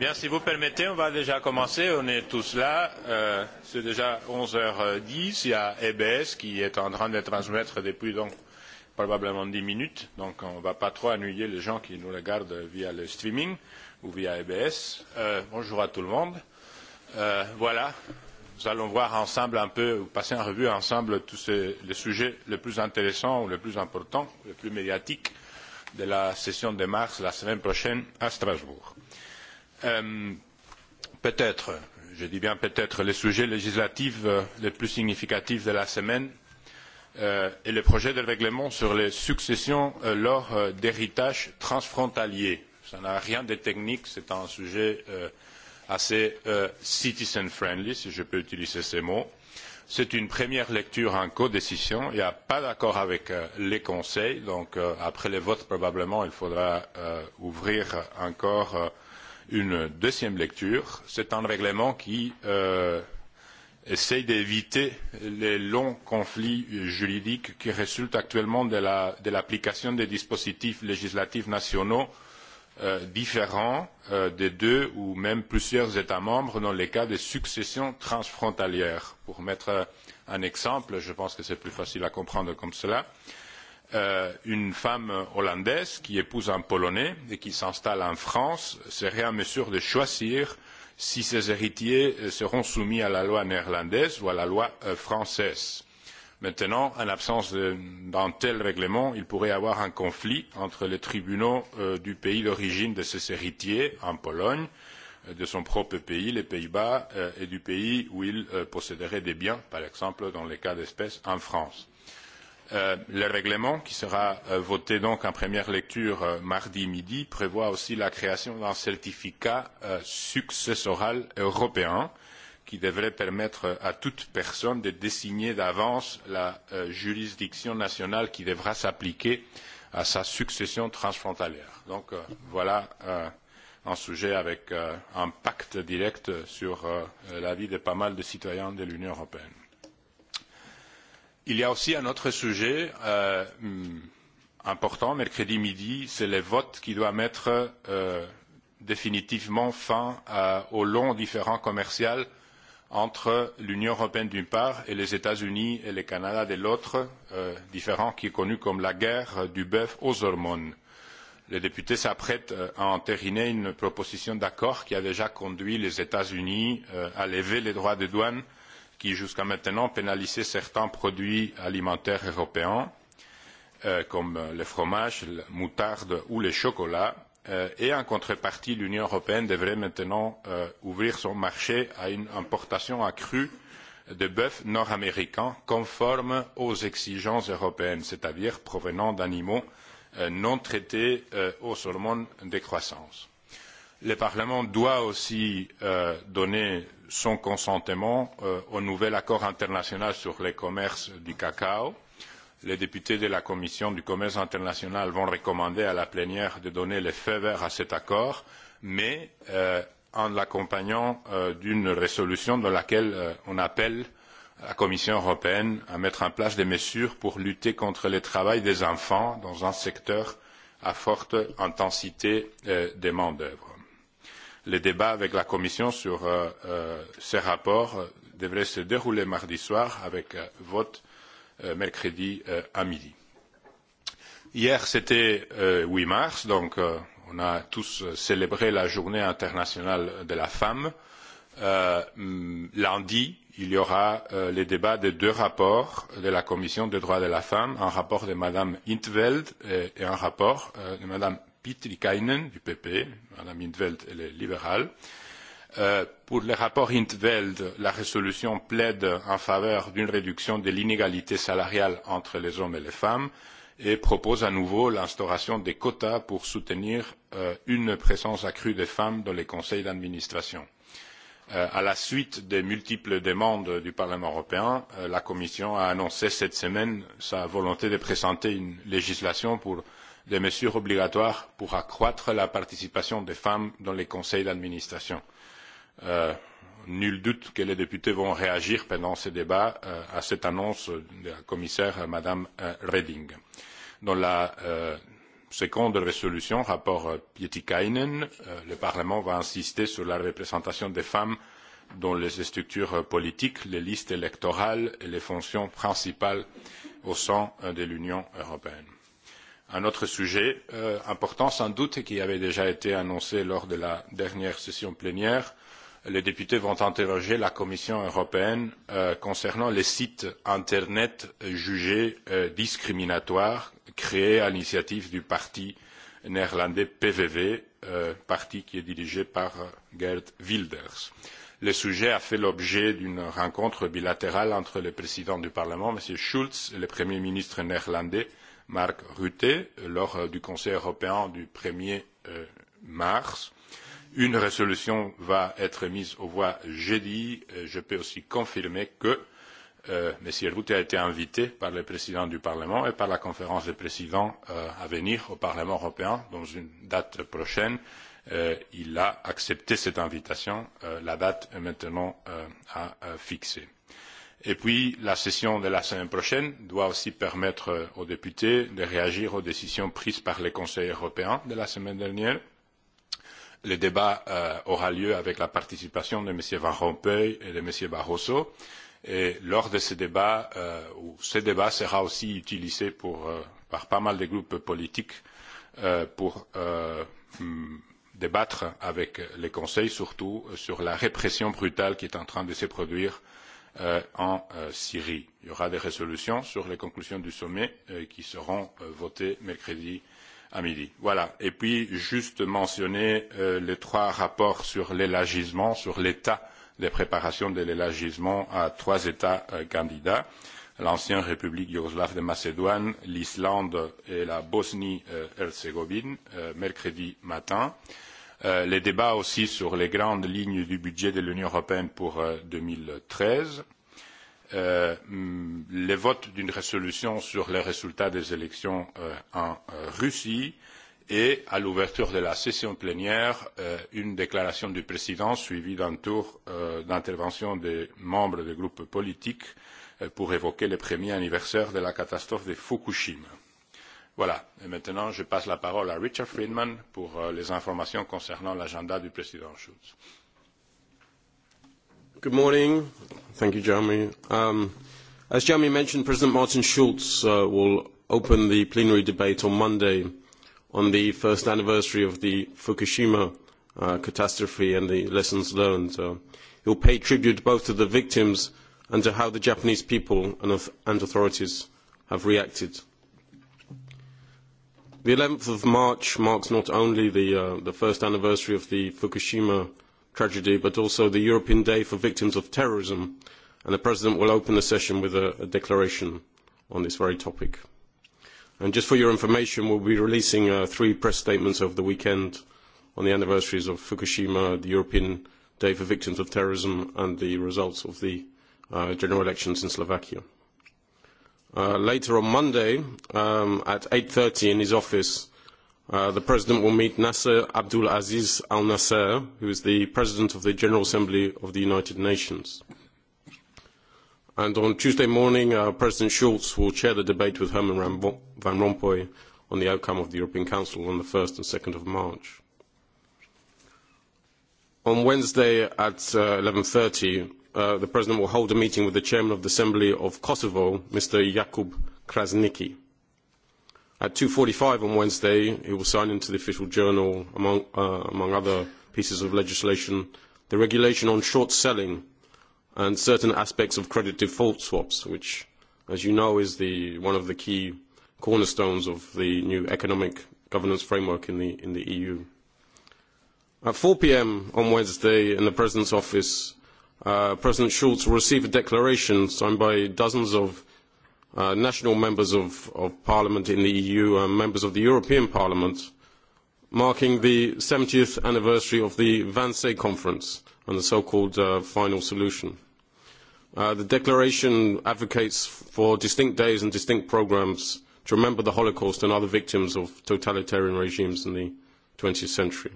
Bien, si vous permettez, on va déjà commencer. On est tous là. Euh, C'est déjà 11h10. Il y a EBS qui est en train de transmettre depuis donc probablement 10 minutes. Donc on ne va pas trop ennuyer les gens qui nous regardent via le streaming ou via EBS. Euh, bonjour à tout le monde. Euh, voilà, nous allons voir ensemble un peu, ou passer en revue ensemble tous ces, les sujets les plus intéressants ou les plus importants, les plus médiatiques de la session de mars la semaine prochaine à Strasbourg. Euh, peut-être, je dis bien peut-être, le sujet législatif euh, le plus significatif de la semaine est euh, le projet de règlement sur les successions lors d'héritages transfrontaliers. cela n'a rien de technique, c'est un sujet assez citizen friendly, si je peux utiliser ce mot. C'est une première lecture en codécision. Il n'y a pas d'accord avec le conseil donc après le vote probablement, il faudra ouvrir encore une deuxième lecture. C'est un règlement qui euh, essaye d'éviter les longs conflits juridiques qui résultent actuellement de l'application la, de des dispositifs législatifs nationaux euh, différents euh, des deux ou même plusieurs États membres dans les cas de successions transfrontalières. Pour mettre un exemple, je pense que c'est plus facile à comprendre comme cela. Euh, Euh, une femme hollandaise qui épouse un Polonais et qui s'installe en France serait en mesure de choisir si ses héritiers euh, seront soumis à la loi néerlandaise ou à la loi euh, française. Maintenant, en l'absence d'un tel règlement, il pourrait y avoir un conflit entre les tribunaux du pays d'origine de ses héritiers en Pologne, de son propre pays, les Pays-Bas, et du pays où il posséderait des biens, par exemple dans les cas d'espèce en France Euh, le règlement qui sera euh, voté en première lecture euh, mardi midi prévoit aussi la création d'un certificat successoral européen qui devrait permettre à toute personne de désigner d'avance la juridiction nationale qui devra s'appliquer à sa succession transfrontalière. Donc voilà un sujet avec un impact direct sur la vie de pas mal de citoyens de l'Union européenne il y a aussi un autre sujet euh, important mercredi midi c'est le vote qui doit mettre euh, définitivement fin euh, au long différend commercial entre l'union européenne d'une part et les états unis et le canada de l'autre différend qui est connu comme la guerre du bœuf aux hormones. les députés s'apprêtent à entériner une proposition d'accord qui a déjà conduit les états unis à lever les droits de douane qui jusqu'à maintenant pénalisait certains produits alimentaires européens euh, comme euh, le fromage, la moutarde ou le chocolat euh, et en contrepartie l'Union européenne devrait maintenant euh, ouvrir son marché à une importation accrue de bœuf nord-américain conforme aux exigences européennes, c'est-à-dire provenant d'animaux euh, non traités euh, aux hormones de croissance le parlement doit aussi euh, donner son consentement euh, au nouvel accord international sur le commerce du cacao. les députés de la commission du commerce international vont recommander à la plénière de donner le feu vert à cet accord mais euh, en l'accompagnant d'une résolution dans laquelle on appelle la commission européenne à mettre en place des mesures pour lutter contre le travail des enfants dans un secteur à forte intensité de main d'œuvre les débats avec la Commission sur ce euh, rapport euh, ces devraient se dérouler mardi soir avec euh, vote euh, mercredi à midi. Hier, c'était le huit mars, donc euh, on a tous célébré la journée internationale de la femme. lundi, il y aura le débat débats des deux rapports de la Commission des droits de la femme, un rapport de Mme in 't veld et un rapport de Mme Pietikainen du PP, Madame Hintveld, elle est libérale. Euh, pour le rapport Hintveld, la résolution plaide en faveur d'une réduction de l'inégalité salariale entre les hommes et les femmes et propose à nouveau l'instauration des quotas pour soutenir euh, une présence accrue des femmes dans les conseils d'administration. Euh, à la suite des multiples demandes du Parlement européen, euh, la Commission a annoncé cette semaine sa volonté de présenter une législation pour euh, des mesures obligatoires pour accroître la participation des femmes dans les conseils d'administration. Euh, nul doute que les députés vont réagir pendant ce débat euh, à cette annonce de la commissaire euh, Madame euh, Reding. Dans la euh, seconde résolution, rapport euh, Pietikainen, euh, le Parlement va insister sur la représentation des femmes dans les structures euh, politiques, les listes électorales et les fonctions principales au sein euh, de l'Union européenne un autre sujet euh, important sans doute et qui avait déjà été annoncé lors de la dernière session plénière les députés vont interroger la commission européenne euh, concernant les sites internet jugés euh, discriminatoires créés à l'initiative du parti néerlandais pvv euh, parti qui est dirigé par euh, geert wilders. le sujet a fait l'objet d'une rencontre bilatérale entre le président du parlement m. schulz et le premier ministre néerlandais Marc Rutte lors euh, du Conseil européen du 1er euh, mars. Une résolution va être mise aux voix jeudi. Euh, je peux aussi confirmer que euh, M. Rutte a été invité par le président du Parlement et par la conférence des présidents euh, à venir au Parlement européen dans une date prochaine. Euh, il a accepté cette invitation. Euh, la date est maintenant euh, à, à fixer. Euh, et puis la session de la semaine prochaine doit aussi permettre euh, aux députés de réagir aux décisions prises par le conseil européen de la semaine dernière. le débat euh, aura lieu avec la participation de m. van rompuy et de m. barroso et lors de ce débat euh, ce débat sera aussi utilisé par pas mal de groupes politiques pour hmm, débattre avec le conseil surtout sur la répression brutale qui est en train de se produire Euh, en euh, Syrie. Il y aura des résolutions sur les conclusions du sommet euh, qui seront votées mercredi à midi. Voilà. Et puis, juste mentionner les trois rapports sur l'élargissement, sur l'état des préparations de l'élargissement à trois États candidats l'ancienne République yougoslave de Macédoine, l'Islande et la Bosnie-Herzégovine, mercredi matin. Euh, Euh, les débats aussi sur les grandes lignes du budget de l'Union européenne pour euh, deux mille treize, euh, le vote d'une résolution sur les résultats des élections en Russie et à l'ouverture de la session plénière, une déclaration du président suivie d'un tour d'intervention des membres des groupes politiques pour évoquer le premier anniversaire de la catastrophe de Fukushima Voilà. Et maintenant, je passe la parole à Richard Friedman pour euh, les informations concernant l'agenda du président Schulz. Jeremy. Um, as Jeremy mentioned, President Martin Schulz uh, will open the plenary debate on Monday on the first anniversary of the Fukushima uh, catastrophe and the lessons learned. Uh, he'll pay tribute both to the victims and to how the Japanese people and authorities have reacted The 11th of March marks not only the, uh, the first anniversary of the Fukushima tragedy, but also the European Day for Victims of Terrorism, and the President will open the session with a, a declaration on this very topic. And just for your information, we'll be releasing uh, three press statements over the weekend on the anniversaries of Fukushima, the European Day for Victims of Terrorism, and the results of the uh, general elections in Slovakia. Uh, later on Monday um, at 8.30 in his office, uh, the President will meet Nasser Abdul Aziz Al Nasser, who is the President of the General Assembly of the United Nations. And on Tuesday morning, uh, President Schulz will chair the debate with Herman Van Rompuy on the outcome of the European Council on the 1st and 2nd of March. On Wednesday at uh, 11.30, Uh, the President will hold a meeting with the Chairman of the Assembly of Kosovo, Mr. Jakub Krasniki. At 2.45 on Wednesday, he will sign into the official journal, among, uh, among other pieces of legislation, the regulation on short selling and certain aspects of credit default swaps, which, as you know, is the, one of the key cornerstones of the new economic governance framework in the, in the EU. At 4 p.m. on Wednesday in the President's office, Uh, President Schulz will receive a declaration signed by dozens of uh, national members of, of, Parliament in the EU and members of the European Parliament marking the 70th anniversary of the Wannsee Conference and the so-called uh, final solution. Uh, the declaration advocates for distinct days and distinct programmes to remember the Holocaust and other victims of totalitarian regimes in the 20th century.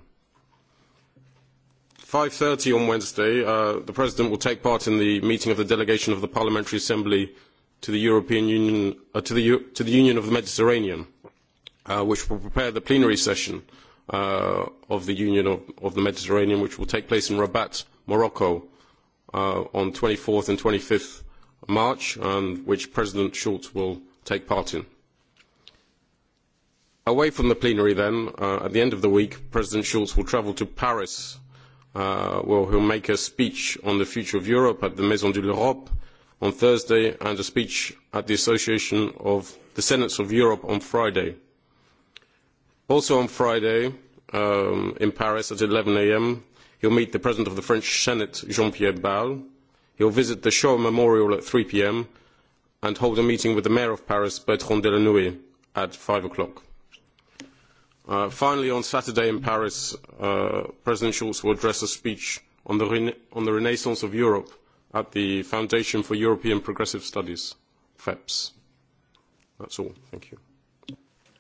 5.30 on Wednesday, uh, the President will take part in the meeting of the delegation of the Parliamentary Assembly to the European Union, uh, to, the, U to the Union of the Mediterranean, uh, which will prepare the plenary session uh, of the Union of, of the Mediterranean, which will take place in Rabat, Morocco, uh, on 24th and 25th March, and um, which President Schulz will take part in. Away from the plenary then, uh, at the end of the week, President Schulz will travel to Paris uh, well, who will make a speech on the future of Europe at the Maison de l'Europe on Thursday and a speech at the Association of the Senates of Europe on Friday. Also on Friday, um, in Paris at 11 a.m., he'll meet the President of the French Senate, Jean-Pierre Ball. He'll visit the Shaw Memorial at 3 p.m. and hold a meeting with the Mayor of Paris, Bertrand Delanoë, at 5 o'clock. Uh, finally, on Saturday in Paris, uh, President Schulz will address a speech on the, rena on the renaissance of Europe at the Foundation for European Progressive Studies, FEPS. That's all. Thank you.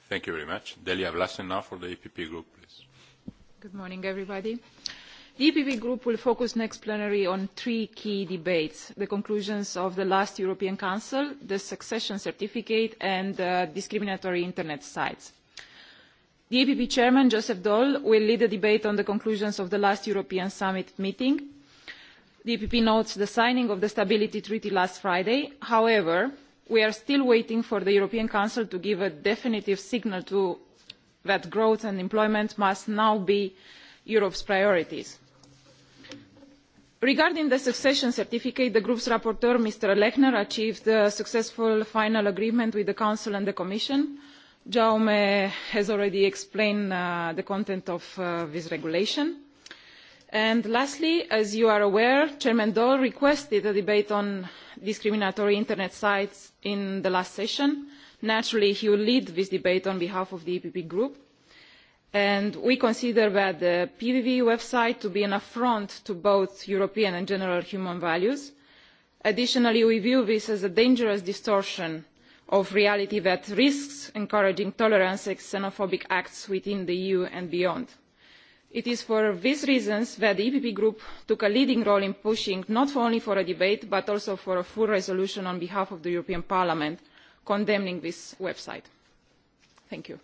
Thank you very much. Delia Vlasen now for the EPP group, please. Good morning, everybody. The EPP group will focus next plenary on three key debates, the conclusions of the last European Council, the succession certificate, and uh, discriminatory Internet sites the epp chairman joseph daul will lead the debate on the conclusions of the last european summit meeting. the epp notes the signing of the stability treaty last friday. however we are still waiting for the european council to give a definitive signal that growth and employment must now be europe's priorities. regarding the succession certificate the group's rapporteur mr lechner achieved a successful final agreement with the council and the commission jaume has already explained uh, the content of uh, this regulation. And lastly as you are aware chairman daul requested a debate on discriminatory internet sites in the last session. naturally he will lead this debate on behalf of the epp group and we consider that the pvv website to be an affront to both european and general human values. additionally we view this as a dangerous distortion of reality that risks encouraging tolerance and xenophobic acts within the eu and beyond. it is for these reasons that the epp group took a leading role in pushing not only for a debate but also for a full resolution on behalf of the european parliament condemning this website. thank you.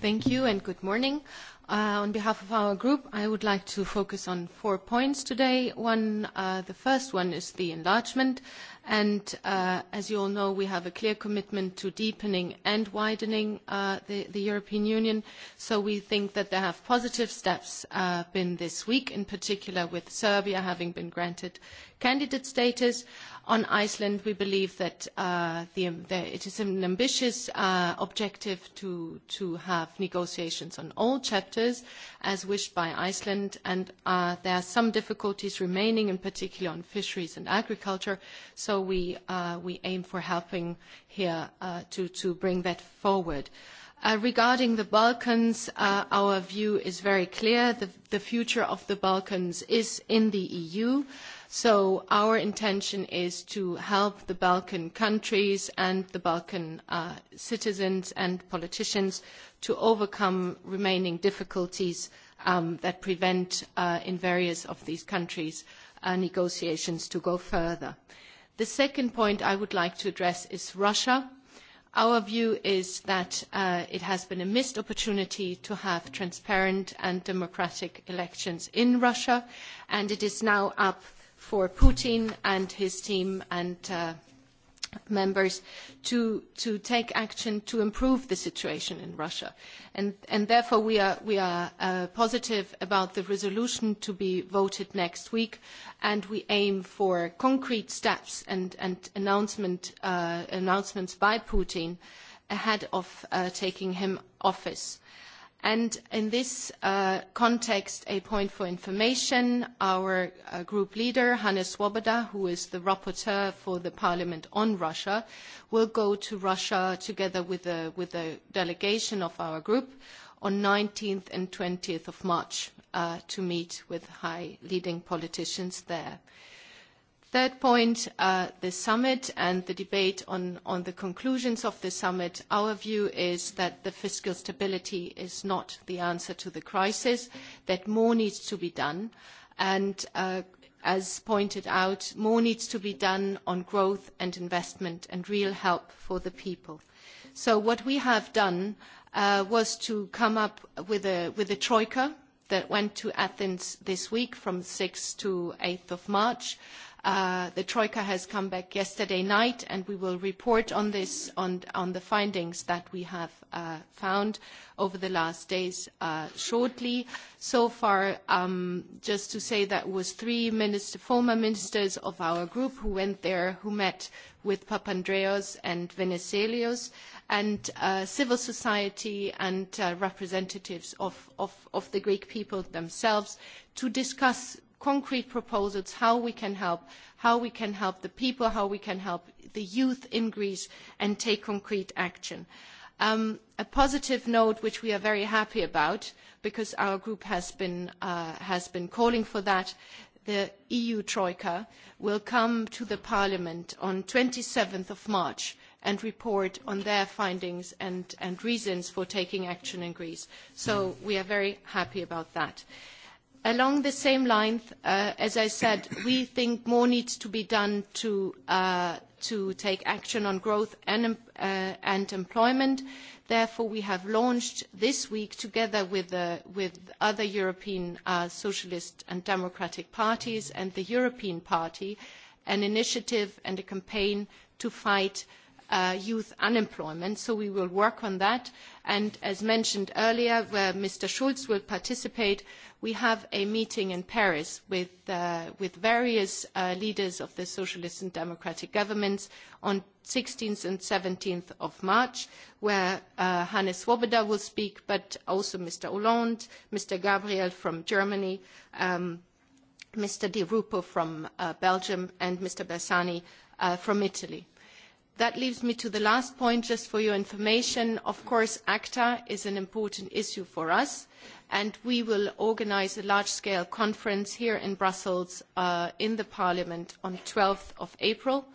thank you and good morning. Uh, on behalf of our group, I would like to focus on four points today. One, uh, the first one is the enlargement, and uh, as you all know, we have a clear commitment to deepening and widening uh, the, the, European Union. So we think that there have positive steps uh, been this week, in particular with Serbia having been granted candidate status. On Iceland, we believe that uh, the, the, it is an ambitious uh, objective to, to have negotiations on all chapters sectors as wished by Iceland and uh, there are some difficulties remaining in particular on fisheries and agriculture so we, uh, we aim for helping here uh, to, to bring that forward. Uh, regarding the Balkans, uh, our view is very clear. The, the future of the Balkans is in the EU. Uh, So our intention is to help the Balkan countries and the Balkan uh, citizens and politicians to overcome remaining difficulties um, that prevent, uh, in various of these countries, uh, negotiations to go further. The second point I would like to address is Russia. Our view is that uh, it has been a missed opportunity to have transparent and democratic elections in Russia, and it is now up for Putin and his team and uh, members to, to take action to improve the situation in Russia. And, and therefore, we are, we are uh, positive about the resolution to be voted next week, and we aim for concrete steps and, and announcement, uh, announcements by Putin ahead of uh, taking him office. Uh, And in this uh, context, a point for information, our uh, group leader, Hannes Swoboda, who is the rapporteur for the Parliament on Russia, will go to Russia together with a, with a delegation of our group on 19th and 20th of March uh, to meet with high leading politicians there. Third point, uh, the summit and the debate on, on the conclusions of the summit. Our view is that the fiscal stability is not the answer to the crisis, that more needs to be done. And uh, as pointed out, more needs to be done on growth and investment and real help for the people. So what we have done uh, was to come up with a, with a troika that went to Athens this week from 6th to 8th of March Uh, the Troika has come back yesterday night, and we will report on this, on, on the findings that we have uh, found over the last days uh, shortly. So far, um, just to say that was three minister, former ministers of our group who went there, who met with Papandreos and Venizelios, and uh, civil society and uh, representatives of, of, of the Greek people themselves to discuss concrete proposals how we can help, how we can help the people, how we can help the youth in Greece and take concrete action. Um, a positive note, which we are very happy about, because our group has been, uh, has been calling for that, the EU Troika will come to the Parliament on 27th of March and report on their findings and, and reasons for taking action in Greece. So we are very happy about that along the same lines, uh, as I said, we think more needs to be done to, uh, to take action on growth and, uh, and, employment. Therefore, we have launched this week, together with, uh, with other European uh, socialist and democratic parties and the European Party, an initiative and a campaign to fight uh, youth unemployment. So we will work on that. And as mentioned earlier, where Mr. Schulz will participate, we have a meeting in Paris with, uh, with various uh, leaders of the socialist and democratic governments on 16th and 17th of March, where uh, Hannes Swoboda will speak, but also Mr. Hollande, Mr. Gabriel from Germany, um, Mr. Di Rupo from uh, Belgium, and Mr. Bersani uh, from Italy. That leaves me to the last point, just for your information. Of course, ACTA is an important issue for us, and we will organise a large-scale conference here in Brussels uh, in the Parliament on 12th of April,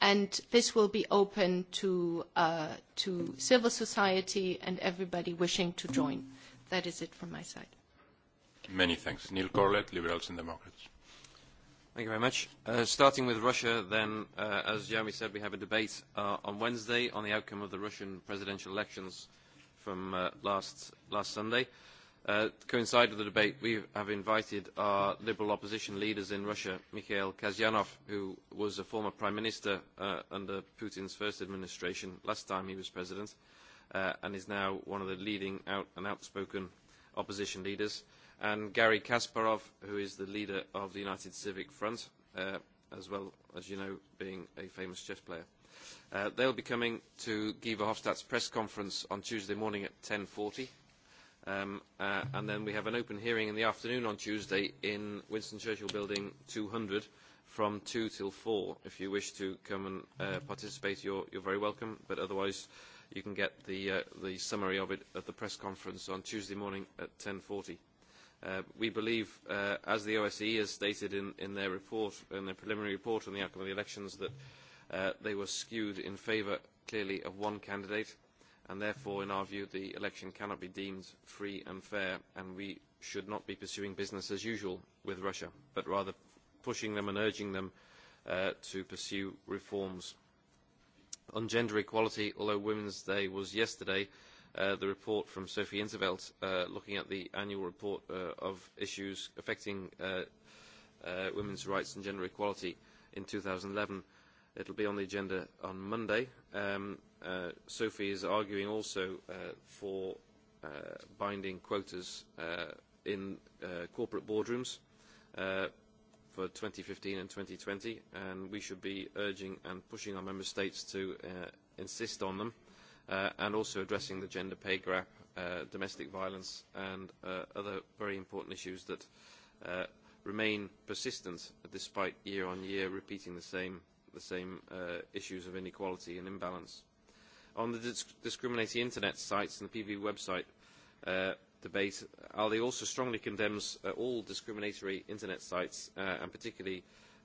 and this will be open to, uh, to civil society and everybody wishing to join. That is it from my side. Many thanks. Neil Corlett, Liberals and Democrats. Thank you very much. Uh, starting with Russia, then, uh, as Jeremy said, we have a debate uh, on Wednesday on the outcome of the Russian presidential elections from uh, last, last Sunday. Uh, to coincide with the debate, we have invited our liberal opposition leaders in Russia, Mikhail Kazyanov, who was a former prime minister uh, under Putin's first administration last time he was president, uh, and is now one of the leading out and outspoken opposition leaders. Uh, and Gary Kasparov, who is the leader of the United Civic Front, uh, as well as you know, being a famous chess player. Uh, they'll be coming to Guy Verhofstadt's press conference on Tuesday morning at 10.40. Um, uh, and then we have an open hearing in the afternoon on Tuesday in Winston Churchill Building 200 from 2 till 4. If you wish to come and uh, participate, you're, you're very welcome. But otherwise, you can get the, uh, the summary of it at the press conference on Tuesday morning at 10.40. Uh, we believe, uh, as the OSCE has stated in, in their report, in their preliminary report on the outcome of the elections, that uh, they were skewed in favour, clearly, of one candidate, and therefore, in our view, the election cannot be deemed free and fair, and we should not be pursuing business as usual with Russia, but rather pushing them and urging them uh, to pursue reforms. On gender equality, although Women's Day was yesterday, uh, Uh, the report from Sophie Interveld uh, looking at the annual report uh, of issues affecting uh, uh, women's rights and gender equality in 2011. It'll be on the agenda on Monday. Um, uh, Sophie is arguing also uh, for uh, binding quotas uh, in uh, corporate boardrooms uh, for 2015 and 2020, and we should be urging and pushing our member states to uh, insist on them. Uh, Uh, and also addressing the gender pay gap, uh, domestic violence and uh, other very important issues that uh, remain persistent despite year on year repeating the same, the same uh, issues of inequality and imbalance. On the disc discriminating internet sites and the PV website uh, debate, ALDE also strongly condemns uh, all discriminatory internet sites uh, and particularly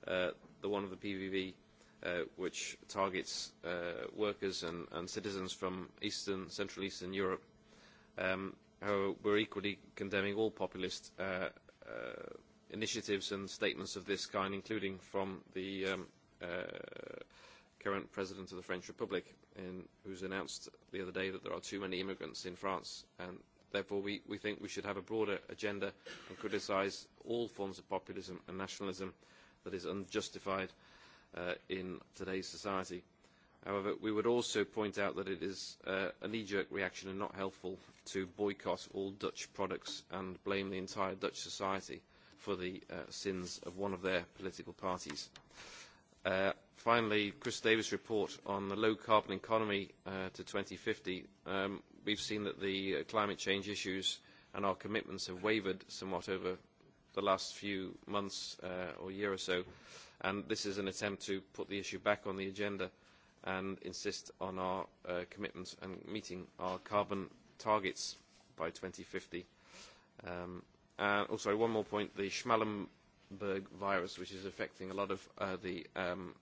uh, the one of the PVV Uh, which targets uh, workers and, and, citizens from Eastern, Central Eastern Europe. Um, however, we're equally condemning all populist uh, uh initiatives and statements of this kind, including from the um, uh, current President of the French Republic, in, who's announced the other day that there are too many immigrants in France. And therefore, we, we think we should have a broader agenda and criticise all forms of populism and nationalism that is unjustified uh, uh, in today's society. However, we would also point out that it is uh, a knee-jerk reaction and not helpful to boycott all Dutch products and blame the entire Dutch society for the uh, sins of one of their political parties. Uh, finally, Chris Davis' report on the low-carbon economy uh, to 2050. Um, we've seen that the uh, climate change issues and our commitments have wavered somewhat over the last few months uh, or year or so. And this is an attempt to put the issue back on the agenda and insist on our uh, commitment and meeting our carbon targets by 2050. Um, and also, one more point, the Schmallenberg virus, which is affecting a lot of uh, the um,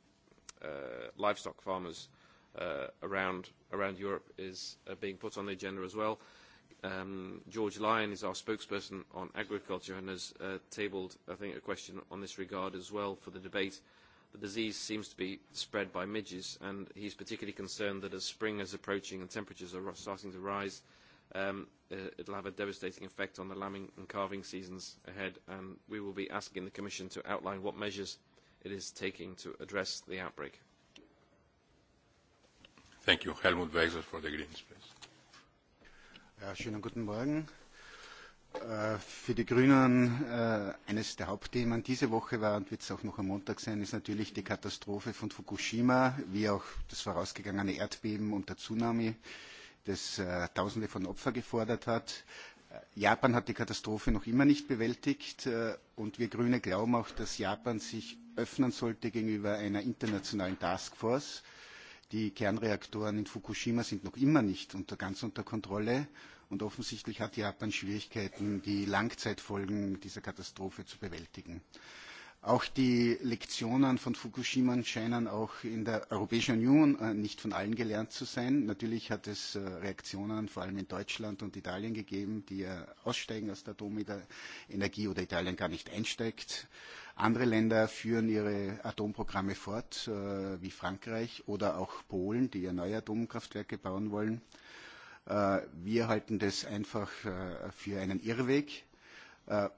uh, livestock farmers uh, around, around Europe, is uh, being put on the agenda as well Um, George Lyon is our spokesperson on agriculture and has uh, tabled, I think, a question on this regard as well for the debate. The disease seems to be spread by midges, and he's particularly concerned that as spring is approaching and temperatures are starting to rise, um, will uh, it'll have a devastating effect on the lambing and calving seasons ahead, and we will be asking the Commission to outline what measures it is taking to address the outbreak. Thank you. Helmut Weixler for the Greens, please. Ja, schönen guten Morgen. Äh, für die Grünen äh, eines der Hauptthemen diese Woche war und wird es auch noch am Montag sein, ist natürlich die Katastrophe von Fukushima, wie auch das vorausgegangene Erdbeben und der Tsunami, das äh, Tausende von Opfern gefordert hat. Japan hat die Katastrophe noch immer nicht bewältigt und wir Grüne glauben auch, dass Japan sich öffnen sollte gegenüber einer internationalen Taskforce. Äh, Die Kernreaktoren in Fukushima sind noch immer nicht unter, ganz unter Kontrolle. Und offensichtlich hat Japan Schwierigkeiten, die Langzeitfolgen dieser Katastrophe zu bewältigen. Auch die Lektionen von Fukushima scheinen auch in der Europäischen Union äh, nicht von allen gelernt zu sein. Natürlich hat es äh, Reaktionen vor allem in Deutschland und Italien gegeben, die äh, aussteigen aus der Atomenergie oder Italien gar nicht einsteigt. Andere Länder führen ihre Atomprogramme fort, wie Frankreich oder auch Polen, die ja neue Atomkraftwerke bauen wollen. Wir halten das einfach für einen Irrweg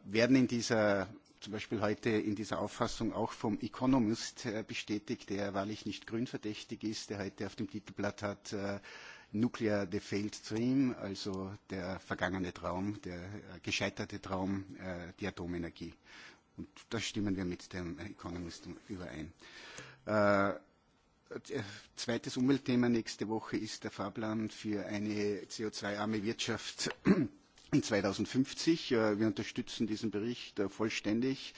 werden in dieser zum Beispiel heute in dieser Auffassung auch vom Economist äh, bestätigt, der wahrlich nicht grünverdächtig ist, der heute auf dem Titelblatt hat äh, Nuclear the Failed Dream, also der vergangene Traum, der äh, gescheiterte Traum, die Atomenergie. Und da stimmen wir mit dem Economist überein. zweites Umweltthema nächste Woche ist der Fahrplan für eine CO2-arme Wirtschaft 2050. Äh, wir unterstützen diesen Bericht äh, vollständig,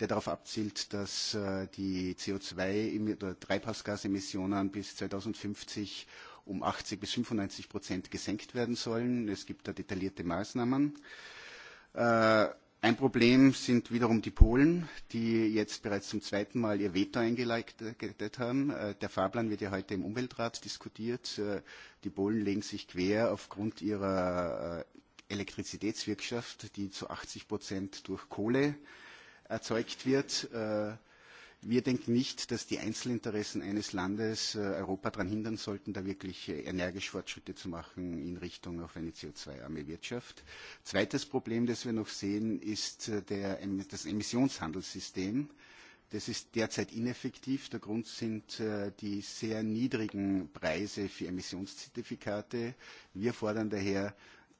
der darauf abzielt, dass äh, die CO2 oder Treibhausgasemissionen bis 2050 um 80 bis 95 Prozent gesenkt werden sollen. Es gibt da detaillierte Maßnahmen. Ein Problem sind wiederum die Polen, die jetzt bereits zum zweiten Mal ihr Veto eingeleitet haben. Der Fahrplan wird ja heute im Umweltrat diskutiert. Die Polen legen sich quer aufgrund ihrer Elektrizitätswirtschaft, die zu 80 Prozent durch Kohle erzeugt wird. Äh, wir denken nicht, dass die Einzelinteressen eines Landes äh, Europa daran hindern sollten, da wirklich äh, energisch Fortschritte zu machen in Richtung auf eine CO2-arme Wirtschaft. Zweites Problem, das wir noch sehen, ist der, das Emissionshandelssystem. Das ist derzeit ineffektiv. Der Grund sind die sehr niedrigen Preise für Emissionszertifikate. Wir fordern daher,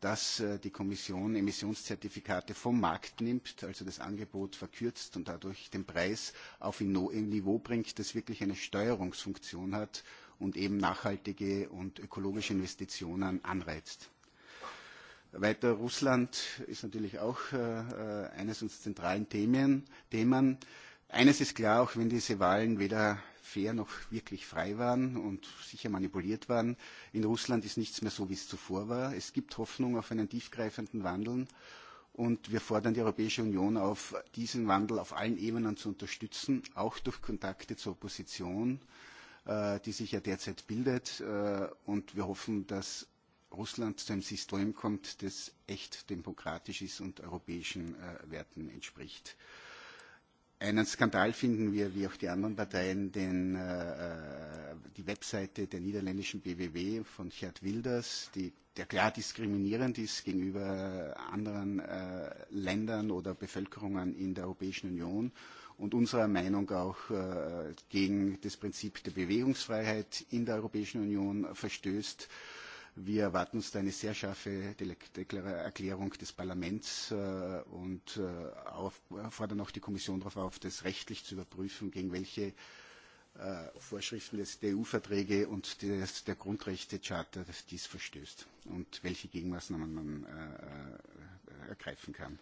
dass äh, die Kommission Emissionszertifikate vom Markt nimmt, also das Angebot verkürzt und dadurch den Preis auf ein Niveau bringt, das wirklich eine Steuerungsfunktion hat und eben nachhaltige und ökologische Investitionen anreizt. Weiter Russland ist natürlich auch äh, äh, eines unserer zentralen Themen. Eines ist klar, auch wenn diese Wahlen weder fair noch wirklich frei waren und sicher manipuliert waren. In Russland ist nichts mehr so, wie es zuvor war. Es gibt Hoffnung auf einen tiefgreifenden Wandel. Und wir fordern die Europäische Union auf, diesen Wandel auf allen Ebenen zu unterstützen, auch durch Kontakte zur Opposition, äh, die sich ja derzeit bildet. Äh, und wir hoffen, dass Russland zu einem System kommt, das echt demokratisch ist und europäischen äh, Werten entspricht einen Skandal finden wir, wie auch die anderen Parteien, den, äh, äh die Webseite der niederländischen BWW von Gerd Wilders, die, der klar diskriminierend ist gegenüber anderen äh, Ländern oder Bevölkerungen in der Europäischen Union und unserer Meinung auch äh, gegen das Prinzip der Bewegungsfreiheit in der Europäischen Union verstößt. Wir erwarten uns da eine sehr scharfe Erklärung des Parlaments äh, und äh, fordern auch die Kommission darauf auf, das rechtlich zu überprüfen, gegen welche äh, Vorschriften des EU-Verträge und des, der Grundrechtecharta dies verstößt und welche Gegenmaßnahmen man äh, ergreifen kann.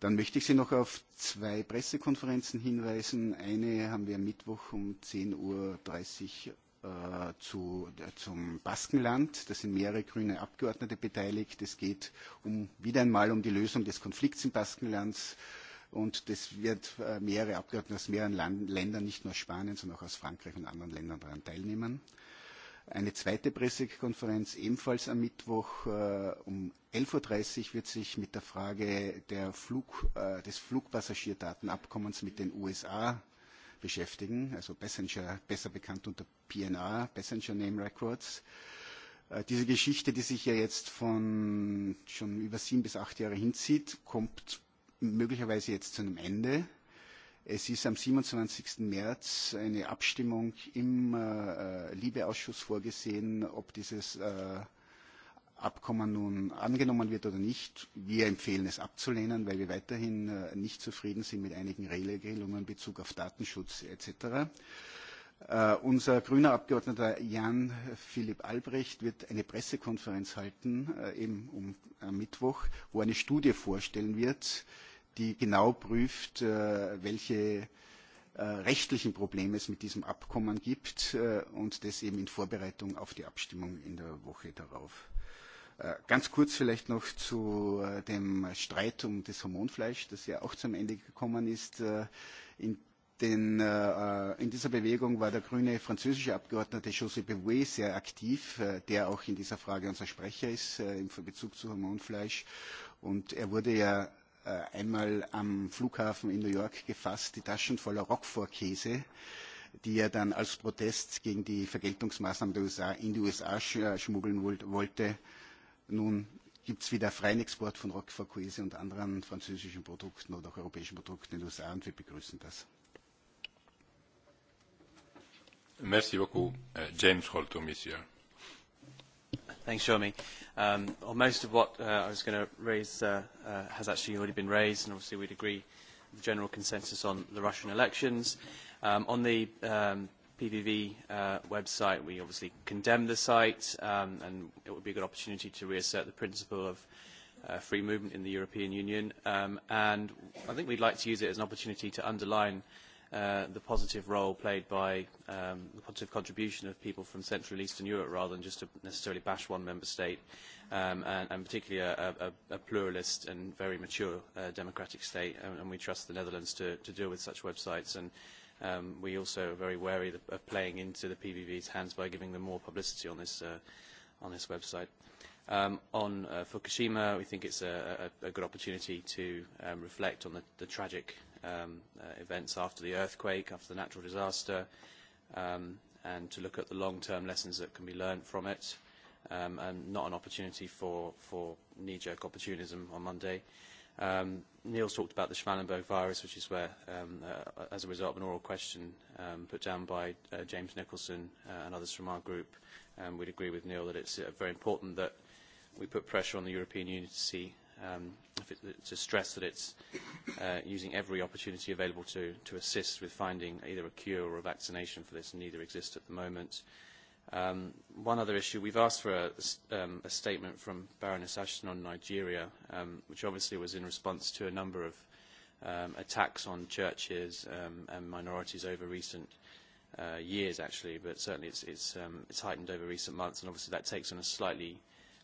Dann möchte ich Sie noch auf zwei Pressekonferenzen hinweisen. Eine haben wir am Mittwoch um 10.30 Uhr äh, zu, zum Baskenland. Da sind mehrere grüne Abgeordnete beteiligt. Es geht um, wieder einmal um die Lösung des Konflikts im Baskenland. Und das wird äh, mehrere Abgeordnete aus mehreren Land Ländern, nicht nur aus Spanien, sondern auch aus Frankreich und anderen Ländern daran teilnehmen. Eine zweite Pressekonferenz ebenfalls am Mittwoch äh, um 11.30 Uhr wird sich mit der Frage der Flug, äh, des Flugpassagierdatenabkommens mit den USA beschäftigen, also Passenger, besser bekannt unter PNR, Passenger Name Records. Äh, diese Geschichte, die sich ja jetzt von schon über sieben bis acht Jahre hinzieht, kommt möglicherweise jetzt zu einem Ende. Es ist am 27. März eine Abstimmung im äh, äh, Liebeausschuss vorgesehen, ob dieses äh, Abkommen nun angenommen wird oder nicht. Wir empfehlen es abzulehnen, weil wir weiterhin äh, nicht zufrieden sind mit einigen Regelungen in Bezug auf Datenschutz etc. Äh, unser grüner Abgeordneter Jan Philipp Albrecht wird eine Pressekonferenz halten, äh, eben um, am Mittwoch, wo eine Studie vorstellen wird, die genau prüft, welche rechtlichen Probleme es mit diesem Abkommen gibt und das eben in Vorbereitung auf die Abstimmung in der Woche darauf. Äh, ganz kurz vielleicht noch zu äh, dem Streit um das Hormonfleisch, das ja auch zum Ende gekommen ist. Äh, in, den, in dieser Bewegung war der grüne französische Abgeordnete José Bouet sehr aktiv, der auch in dieser Frage unser Sprecher ist im Bezug zu Hormonfleisch. Und er wurde ja einmal am Flughafen in New York gefasst, die Taschen voller Roquefort-Käse die er dann als Protest gegen die Vergeltungsmaßnahmen der USA in die USA schmuggeln wollte Nun gibt es wieder freien Export von Roquefort Coese und anderen französischen Produkten oder auch europäischen Produkten in den USA und wir begrüßen das. Merci beaucoup. Uh, James Holto, Monsieur. Thanks, Jeremy. Um, well, most of what uh, I was going to raise uh, uh, has actually already been raised, and obviously we'd agree the general consensus on the Russian elections. Um, on the um, PVV uh, website. We obviously condemn the site, um, and it would be a good opportunity to reassert the principle of uh, free movement in the European Union. Um, and I think we'd like to use it as an opportunity to underline uh, the positive role played by um, the positive contribution of people from Central Eastern Europe rather than just to necessarily bash one member state, um, and, and particularly a, a, a pluralist and very mature uh, democratic state. And, and we trust the Netherlands to, to deal with such websites. And, um, we also are very wary of playing into the PBV's hands by giving them more publicity on this, uh, on this website. Um, on uh, Fukushima, we think it's a, a, a good opportunity to um, reflect on the, the tragic um, uh, events after the earthquake, after the natural disaster, um, and to look at the long-term lessons that can be learned from it, um, and not an opportunity for, for knee-jerk opportunism on Monday. Um, Neil's talked about the Schmallenberg virus, which is where, um, uh, as a result of an oral question um, put down by uh, James Nicholson uh, and others from our group, um, we'd agree with Neil that it's uh, very important that we put pressure on the European Union to see um, if it, to stress that it's uh, using every opportunity available to, to assist with finding either a cure or a vaccination for this, and neither exists at the moment. Uh, Um, one other issue, we've asked for a, um, a statement from Baroness Ashton on Nigeria, um, which obviously was in response to a number of um, attacks on churches um, and minorities over recent uh, years, actually, but certainly it's, it's, um, it's heightened over recent months, and obviously that takes on a slightly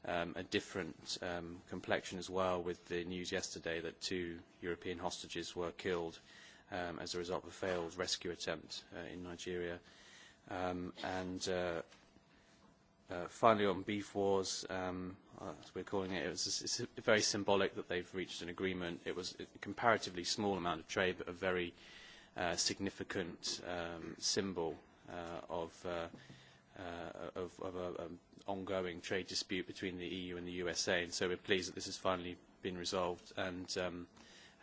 um, a different um, complexion as well with the news yesterday that two European hostages were killed um, as a result of a failed rescue attempt uh, in Nigeria. Um, and uh, uh, finally, on beef wars, um, uh, as we're calling it, it was, it's very symbolic that they've reached an agreement. It was a comparatively small amount of trade, but a very uh, significant um, symbol uh, of, uh, uh, of, of an um, ongoing trade dispute between the EU and the USA. And so we're pleased that this has finally been resolved. And um,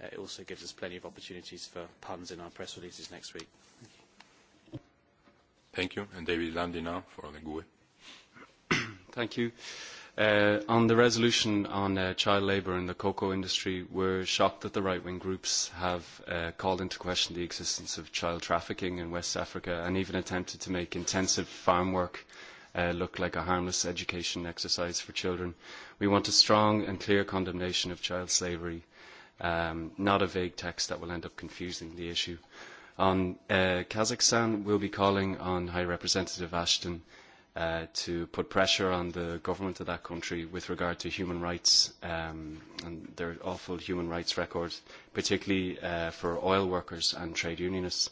uh, it also gives us plenty of opportunities for puns in our press releases next week. Thank you. Thank you. And David Landina for the GUE. Thank you. Uh, on the resolution on uh, child labour in the cocoa industry, we're shocked that the right-wing groups have uh, called into question the existence of child trafficking in West Africa and even attempted to make intensive farm work uh, look like a harmless education exercise for children. We want a strong and clear condemnation of child slavery, um, not a vague text that will end up confusing the issue on uh, Kazakhstan, we'll be calling on High Representative Ashton uh, to put pressure on the government of that country with regard to human rights um, and their awful human rights record, particularly uh, for oil workers and trade unionists.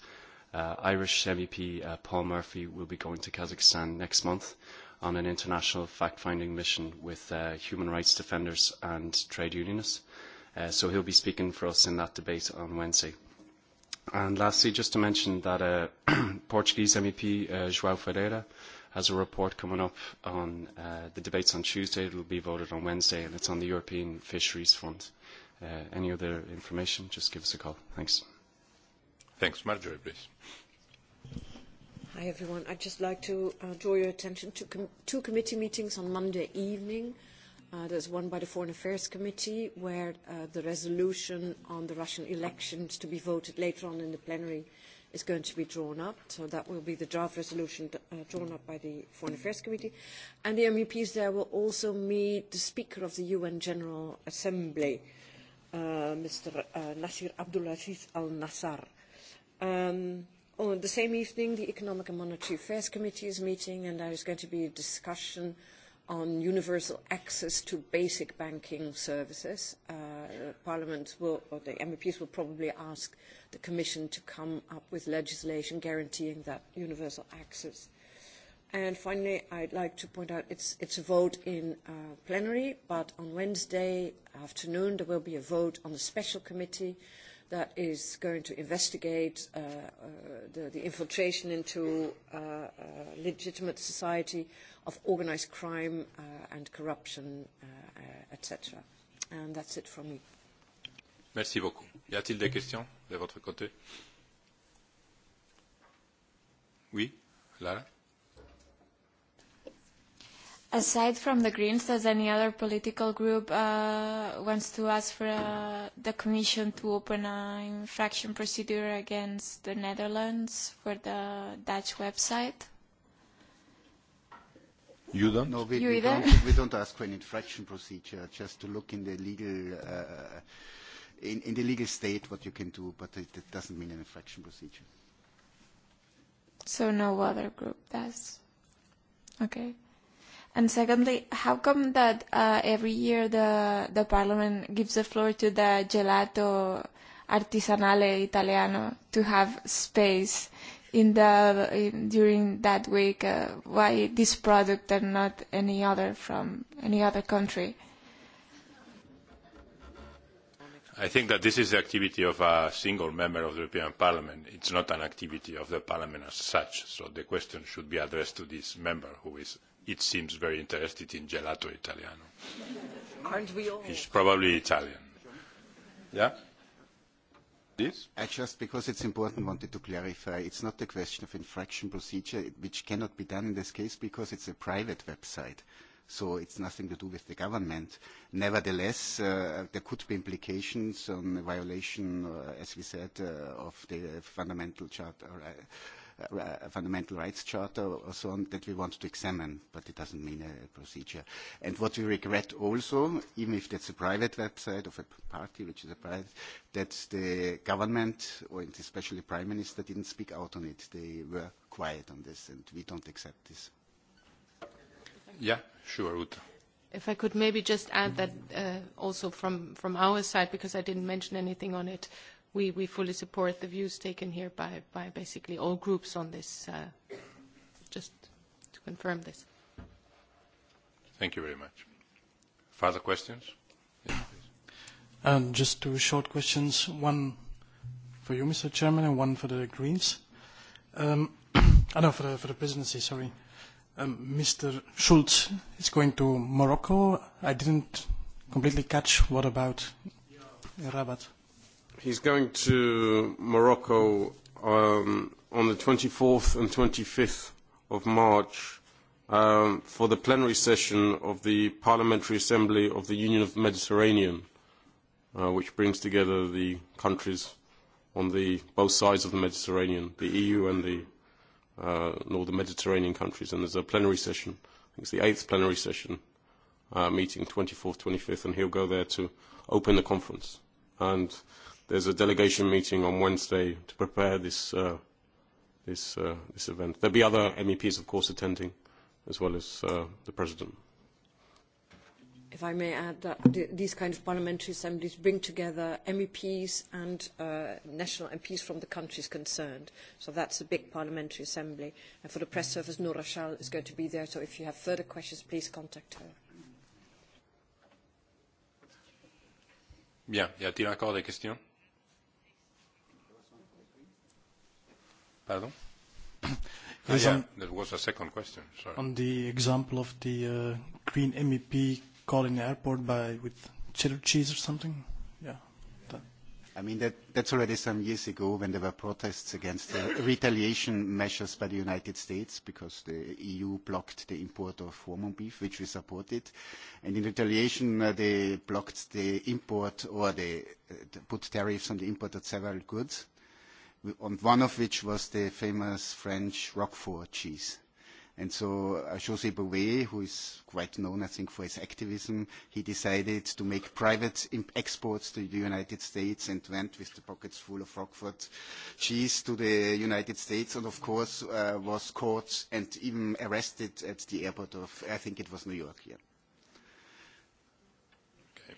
Uh, Irish MEP uh, Paul Murphy will be going to Kazakhstan next month on an international fact-finding mission with uh, human rights defenders and trade unionists. Uh, so he'll be speaking for us in that debate on Wednesday. And lastly, just to mention that uh, a Portuguese MEP uh, João Ferreira has a report coming up on uh, the debates on Tuesday. It will be voted on Wednesday, and it's on the European Fisheries Fund. Uh, any other information, just give us a call. Thanks. Thanks. Marjorie, please. Hi, everyone. I'd just like to uh, draw your attention to com two committee meetings on Monday evening. Uh, there's one by the Foreign Affairs Committee where uh, the resolution on the Russian elections to be voted later on in the plenary is going to be drawn up. So that will be the draft resolution uh, drawn up by the Foreign Affairs Committee. And the MEPs there will also meet the Speaker of the UN General Assembly, uh, Mr. Uh, Nasir Abdulaziz al-Nassar. Um, on the same evening, the Economic and Monetary Affairs Committee is meeting, and there is going to be a discussion on universal access to basic banking services. Uh, Parliament will, or the MEPs will probably ask the Commission to come up with legislation guaranteeing that universal access. And finally, I'd like to point out it's, it's a vote in uh, plenary, but on Wednesday afternoon there will be a vote on the special committee that is going to investigate uh, uh, the, the infiltration into uh, uh, legitimate society of organized crime uh, and corruption, uh, uh, etc. And that's it from me. Merci beaucoup. Y a-t-il des questions de votre côté Oui, là. Aside from the Greens, does any other political group uh, wants to ask for uh, the Commission to open an infraction procedure against the Netherlands for the Dutch website? You don't? No, we, you we either? Don't, we don't ask for an infraction procedure, just to look in the legal, uh, in, in the legal state what you can do, but it, it doesn't mean an infraction procedure. So no other group does? Okay. And secondly, how come that uh, every year the, the parliament gives the floor to the gelato artisanale italiano to have space in the in, during that week? Uh, why this product and not any other from any other country? I think that this is the activity of a single member of the European Parliament. It's not an activity of the Parliament as such. So the question should be addressed to this member who is it seems very interested in gelato italiano. Aren't we all? He's probably Italian. Yeah? I uh, just, because it's important, wanted to clarify. It's not a question of infraction procedure, which cannot be done in this case because it's a private website. So it's nothing to do with the government. Nevertheless, uh, there could be implications on violation, uh, as we said, uh, of the fundamental charter. Uh, Uh, fundamental Rights Charter or so on that we want to examine, but it doesn't mean a procedure. And what we regret also, even if that's a private website of a party which is a private, that the government, or especially Prime Minister, didn't speak out on it. They were quiet on this, and we don't accept this. Yeah, sure, Uta. If I could maybe just add that uh, also from, from our side, because I didn't mention anything on it, we, we fully support the views taken here by, by basically all groups on this, uh, just to confirm this. Thank you very much. Further questions? Yes, um, just two short questions, one for you, Mr. Chairman, and one for the Greens. Um, oh, no, for the, for the presidency, sorry. Um, Mr. Schulz is going to Morocco. I didn't completely catch what about Rabat he's going to Morocco um, on the 24th and 25th of March um, for the plenary session of the Parliamentary Assembly of the Union of the Mediterranean, uh, which brings together the countries on the, both sides of the Mediterranean, the EU and the uh, northern Mediterranean countries. And there's a plenary session, I think it's the eighth plenary session, uh, meeting 24th, 25th, and he'll go there to open the conference. And there's a delegation meeting on Wednesday to prepare this uh, this uh, this event. There'll be other MEPs, of course, attending, as well as uh, the president. If I may add that these kinds of parliamentary assemblies bring together MEPs and uh, national MPs from the countries concerned. So that's a big parliamentary assembly. And for the press service, Nora Shal is going to be there. So if you have further questions, please contact her. Bien. Y a-t-il encore des questions? Pardon? Ah, yes, yeah, um, that was a second question. Sorry. On the example of the uh, green MEP calling the airport by with cheddar cheese or something. Yeah. I mean that that's already some years ago when there were protests against the retaliation measures by the United States because the EU blocked the import of hormone beef, which we supported, and in retaliation uh, they blocked the import or they uh, put tariffs on the import of several goods and one of which was the famous French Roquefort cheese. And so uh, José Bové, who is quite known, I think, for his activism, he decided to make private exports to the United States and went with the pockets full of Rockford cheese to the United States and, of course, uh, was caught and even arrested at the airport of, I think it was New York, yeah. Okay.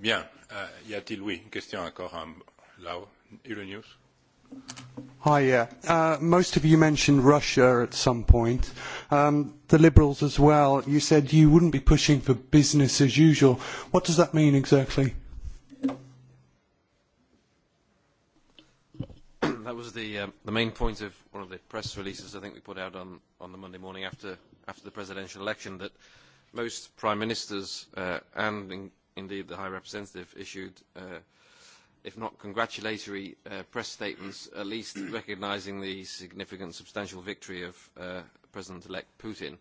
Bien. Uh, y a-t-il, oui, une question encore, um, là-haut Euronews. Hi, yeah. Uh, most of you mentioned Russia at some point. Um, the Liberals as well. You said you wouldn't be pushing for business as usual. What does that mean exactly? that was the, um, the main point of one of the press releases I think we put out on, on the Monday morning after, after the presidential election that most prime ministers uh, and in, indeed the High Representative issued uh, if not congratulatory uh, press statements, at least recognizing the significant substantial victory of uh, President-elect Putin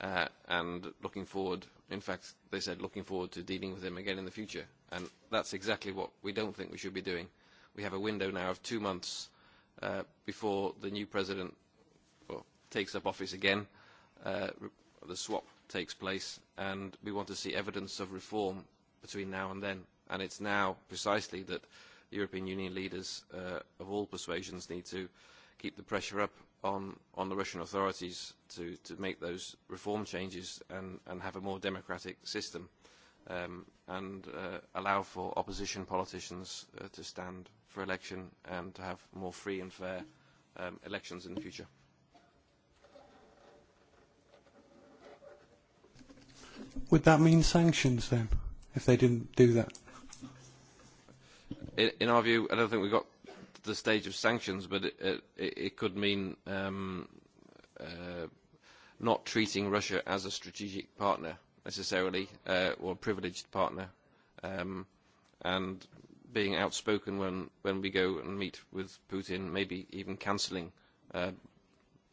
uh, and looking forward, in fact, they said looking forward to dealing with him again in the future. And that's exactly what we don't think we should be doing. We have a window now of two months uh, before the new president well, takes up office again, uh, the swap takes place, and we want to see evidence of reform between now and then And it is now precisely that European Union leaders uh, of all persuasions need to keep the pressure up on, on the Russian authorities to, to make those reform changes and, and have a more democratic system um, and uh, allow for opposition politicians uh, to stand for election and to have more free and fair um, elections in the future. Would that mean sanctions then, if they didn't do that? in our view, I don't think we got to the stage of sanctions, but it, it, it could mean um, uh, not treating Russia as a strategic partner necessarily, uh, or a privileged partner, um, and being outspoken when, when we go and meet with Putin, maybe even cancelling uh,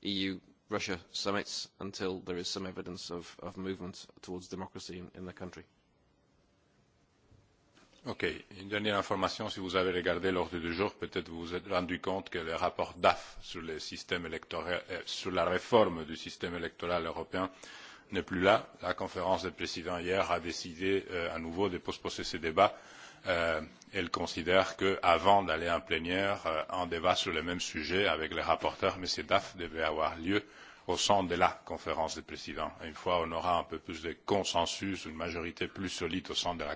EU-Russia summits until there is some evidence of, of movement towards democracy in, in the country. Ok. Une dernière information, si vous avez regardé l'ordre du jour, peut-être vous vous êtes rendu compte que le rapport DAF sur, le système électoral, euh, sur la réforme du système électoral européen n'est plus là. La conférence des présidents hier a décidé euh, à nouveau de postposer ce débat. Euh, elle considère qu'avant d'aller en plénière, euh, un débat sur le même sujet avec les rapporteurs, M. DAF, devait avoir lieu au sein de la conférence des présidents. Une fois on aura un peu plus de consensus, une majorité plus solide au sein de la